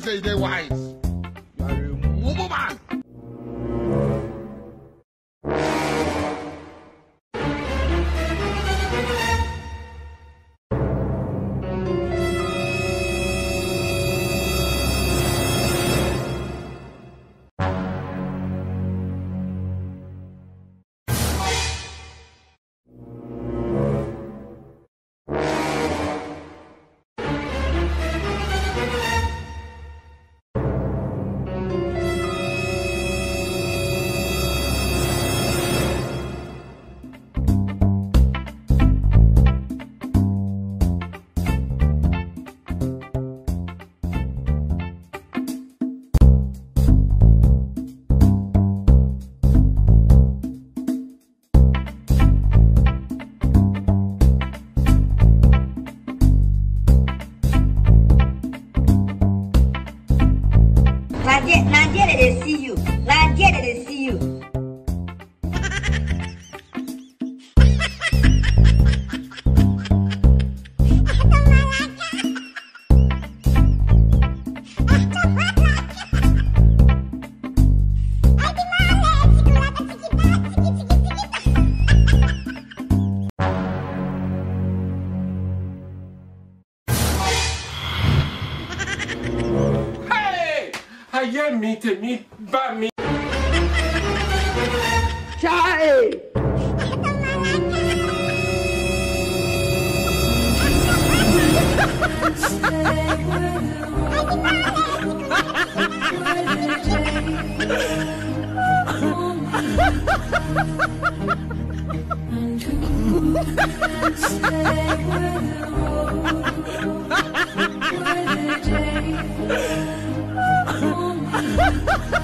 things they, they wise. Nigeria, Nigeria, they see you. Nigeria, they see you. ayé mi tèmi bá mi. ṣáàyè. Ha ha ha ha!